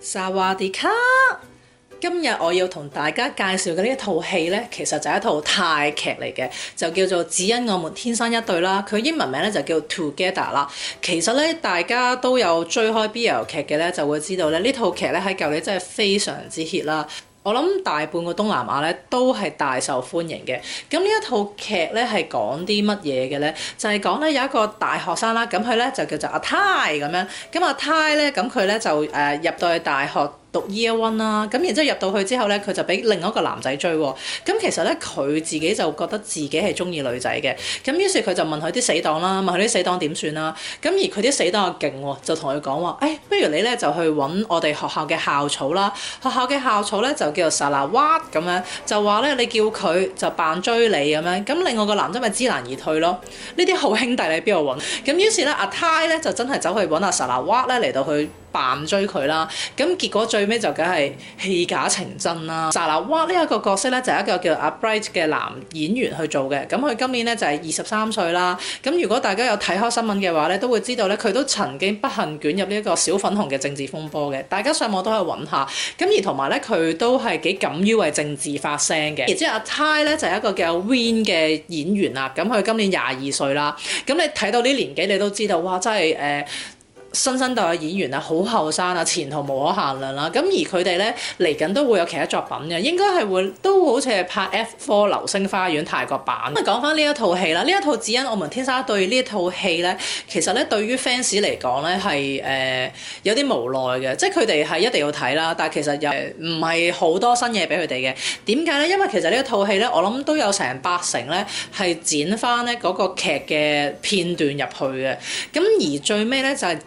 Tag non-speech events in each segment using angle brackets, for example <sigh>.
沙瓦迪卡！今日我要同大家介紹嘅呢一套戲呢，其實就係一套泰劇嚟嘅，就叫做《只因我們天生一對》啦。佢英文名咧就叫《Together》啦。其實呢，大家都有追開 BL 劇嘅呢，就會知道咧呢套劇呢，喺舊年真係非常之 hit 啦。我諗大半個東南亞咧都係大受歡迎嘅。咁呢一套劇咧係講啲乜嘢嘅咧？就係講咧有一個大學生啦，咁佢咧就叫做阿泰咁樣。咁阿泰咧，咁佢咧就誒入到去大學。讀 Year One 啦，咁然之後入到去之後咧，佢就俾另外一個男仔追喎，咁其實咧佢自己就覺得自己係中意女仔嘅，咁於是佢就問佢啲死黨啦，問佢啲死黨點算啦，咁而佢啲死黨又勁喎，就同佢講話，誒、哎，不如你咧就去揾我哋學校嘅校草啦，學校嘅校草咧就叫做沙拿屈咁樣，就話咧你叫佢就扮追你咁樣，咁另外個男仔咪知難而退咯，呢啲好兄弟你喺邊度揾？咁於是咧阿泰咧就真係走去揾阿沙拿屈咧嚟到去。扮追佢啦，咁結果最尾就梗係戲假情真啦。嗱，哇！呢一個角色咧就係、係、一個叫阿 Bright 嘅男演員去做嘅。咁佢今年咧就係二十三歲啦。咁如果大家有睇開新聞嘅話咧，都會知道咧佢都曾經不幸捲入呢一個小粉紅嘅政治風波嘅。大家上網都可以揾下。咁而同埋咧佢都係幾敢於為政治發聲嘅。而之後阿 Tie 咧就係一個叫、叫 Win 嘅演員啦。咁佢今年廿二歲啦。咁你睇到呢年紀，你都知道哇！真係誒～、呃新生代嘅演員啊，好後生啊，前途無可限量啦。咁而佢哋咧嚟緊都會有其他作品嘅，應該係會都好似係拍 F Four 流星花園泰國版。咁啊，講翻呢一套戲啦，呢一套只因我們天生對呢一套戲咧，其實咧對於 fans 嚟講咧係誒有啲無奈嘅，即係佢哋係一定要睇啦。但係其實又唔係好多新嘢俾佢哋嘅。點解咧？因為其實呢一套戲咧，我諗都有成八成咧係剪翻咧嗰個劇嘅片段入去嘅。咁而最尾咧就係、是。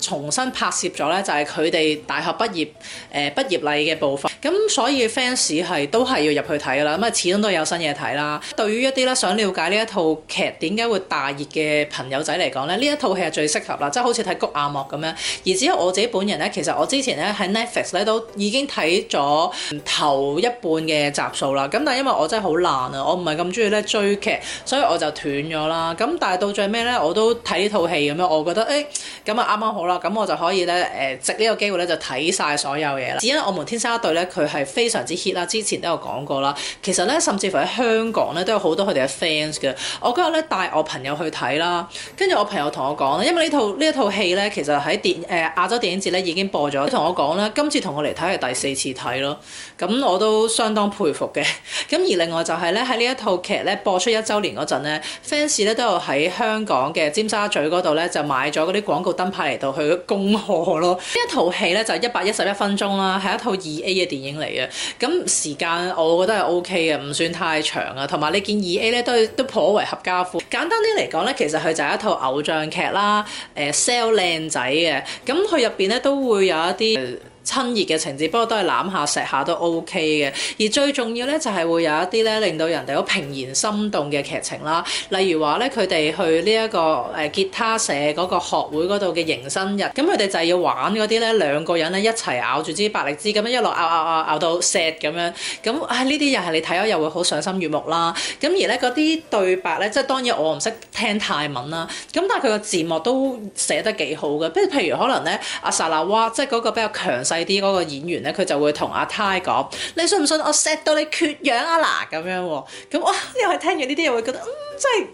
重新拍攝咗咧，就係佢哋大學畢業誒畢業禮嘅部分。咁所以 fans 係都係要入去睇啦，咁啊始終都有新嘢睇啦。對於一啲咧想了解呢一套劇點解會大熱嘅朋友仔嚟講咧，呢一套戲係最適合啦，即係好似睇《谷阿莫》咁樣。而至於我自己本人咧，其實我之前咧喺 Netflix 咧都已經睇咗頭一半嘅集數啦。咁但係因為我真係好懶啊，我唔係咁中意咧追劇，所以我就斷咗啦。咁但係到最尾咧，我都睇呢套戲咁樣，我覺得誒咁啊啱啱好啦，咁我就可以咧誒、呃、藉呢個機會咧就睇晒所有嘢啦。只因我們天生一對咧。佢係非常之 hit 啦，之前都有講過啦。其實咧，甚至乎喺香港咧都有好多佢哋嘅 fans 嘅。我今日咧帶我朋友去睇啦，跟住我朋友同我講啦，因為呢套呢一套戲咧，其實喺電誒、呃、亞洲電影節咧已經播咗。同我講啦，今次同我嚟睇係第四次睇咯。咁我都相當佩服嘅。咁 <laughs> 而另外就係咧喺呢一套劇咧播出一週年嗰陣咧，fans 咧都有喺香港嘅尖沙咀嗰度咧就買咗嗰啲廣告燈牌嚟到去恭賀咯。呢一套戲咧就一百一十一分鐘啦，係一套二 A 嘅電影。電影嚟嘅，咁時間我覺得係 OK 嘅，唔算太長啊。同埋你見二 A 咧都都頗為合家歡。簡單啲嚟講咧，其實佢就係一套偶像劇啦，誒 sell 靚仔嘅。咁佢入邊咧都會有一啲親熱嘅情節，不過都係攬下錫下都 OK 嘅。而最重要咧，就係會有一啲咧，令到人哋好平然心動嘅劇情啦。例如話咧，佢哋去呢、這、一個誒吉他社嗰個學會嗰度嘅迎新日，咁佢哋就係要玩嗰啲咧，兩個人咧一齊咬住支百力滋咁樣，一路咬咬咬咬到錫咁樣。咁唉，呢啲又係你睇咗又會好賞心悅目啦。咁而咧嗰啲對白咧，即係當然我唔識聽泰文啦。咁但係佢個字幕都寫得幾好嘅。譬如譬如可能咧，阿薩、就是、娜，哇！即係嗰個比較強勢。啲嗰個演員咧，佢就會同阿泰講：你信唔信我錫到你缺氧啊嗱，咁樣喎、哦？咁哇，又係聽完呢啲，又會覺得嗯，真係，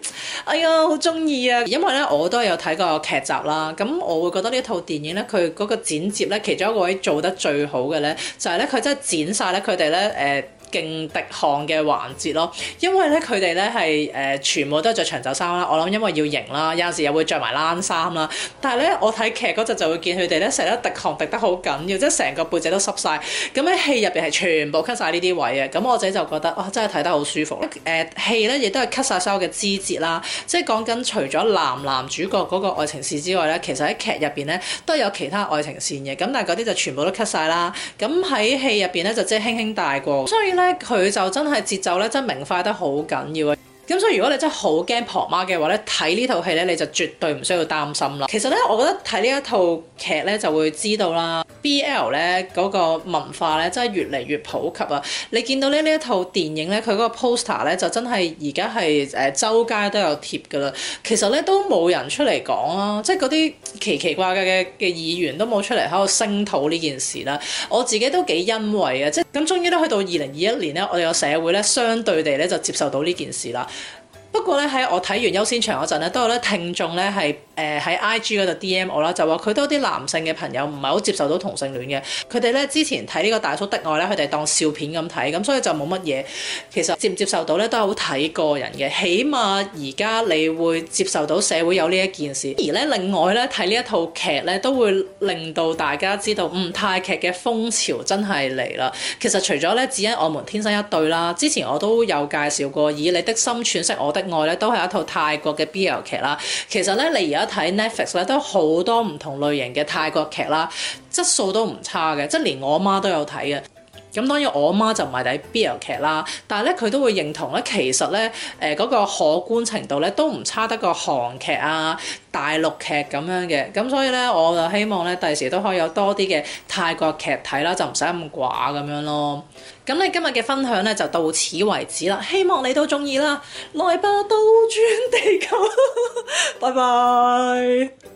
哎呀好中意啊！因為咧，我都係有睇過劇集啦。咁我會覺得呢一套電影咧，佢嗰個剪接咧，其中一位做得最好嘅咧，就係咧佢真係剪晒咧佢哋咧誒。呃勁滴汗嘅環節咯，因為咧佢哋咧係誒全部都係着長袖衫啦，我諗因為要型啦，有陣時又會着埋冷衫啦。但係咧，我睇劇嗰陣就會見佢哋咧成日滴汗滴得好緊要，即係成個背脊都濕晒。咁喺戲入邊係全部 cut 曬呢啲位嘅，咁我自己就覺得哇、啊，真係睇得好舒服。誒、呃，戲咧亦都係 cut 曬所有嘅枝節啦，即係講緊除咗男男主角嗰個愛情線之外咧，其實喺劇入邊咧都有其他愛情線嘅，咁但係嗰啲就全部都 cut 曬啦。咁喺戲入邊咧就即係輕輕帶過，所以咧。佢就真係節奏咧，真明快得好緊要啊！咁所以如果你真係好驚婆媽嘅話咧，睇呢套戲咧，你就絕對唔需要擔心啦。其實咧，我覺得睇呢一套劇咧，就會知道啦。B L 咧嗰個文化咧，真係越嚟越普及啊！你見到咧呢一套電影咧，佢嗰個 poster 咧，就真係而家係誒周街都有貼噶啦。其實咧都冇人出嚟講啊，即係嗰啲奇奇怪怪嘅嘅議員都冇出嚟喺度聲討呢件事啦。我自己都幾欣慰啊！即係咁，終於咧去到二零二一年咧，我哋個社會咧，相對地咧就接受到呢件事啦。不過咧，喺我睇完優先場嗰陣咧，都有咧聽眾咧係誒喺 IG 嗰度 DM 我啦，就話佢都有啲男性嘅朋友唔係好接受到同性戀嘅，佢哋咧之前睇呢、這個大叔的愛咧，佢哋當笑片咁睇，咁所以就冇乜嘢。其實接唔接受到咧都係好睇個人嘅，起碼而家你會接受到社會有呢一件事。而咧另外咧睇呢一套劇咧，都會令到大家知道，嗯，泰劇嘅風潮真係嚟啦。其實除咗咧，只因我們天生一對啦，之前我都有介紹過，以你的心詮釋我的。外咧都係一套泰國嘅 BL 劇啦，其實咧你而家睇 Netflix 咧都好多唔同類型嘅泰國劇啦，質素都唔差嘅，即係連我媽都有睇嘅。咁當然我媽就唔係睇 BL 劇啦，但係咧佢都會認同咧，其實咧誒嗰個可觀程度咧都唔差得過韓劇啊、大陸劇咁樣嘅，咁所以咧我就希望咧第時都可以有多啲嘅泰國劇睇啦，就唔使咁寡咁樣咯。咁你今日嘅分享咧就到此為止啦，希望你都中意啦，來吧，倒轉地球，拜拜。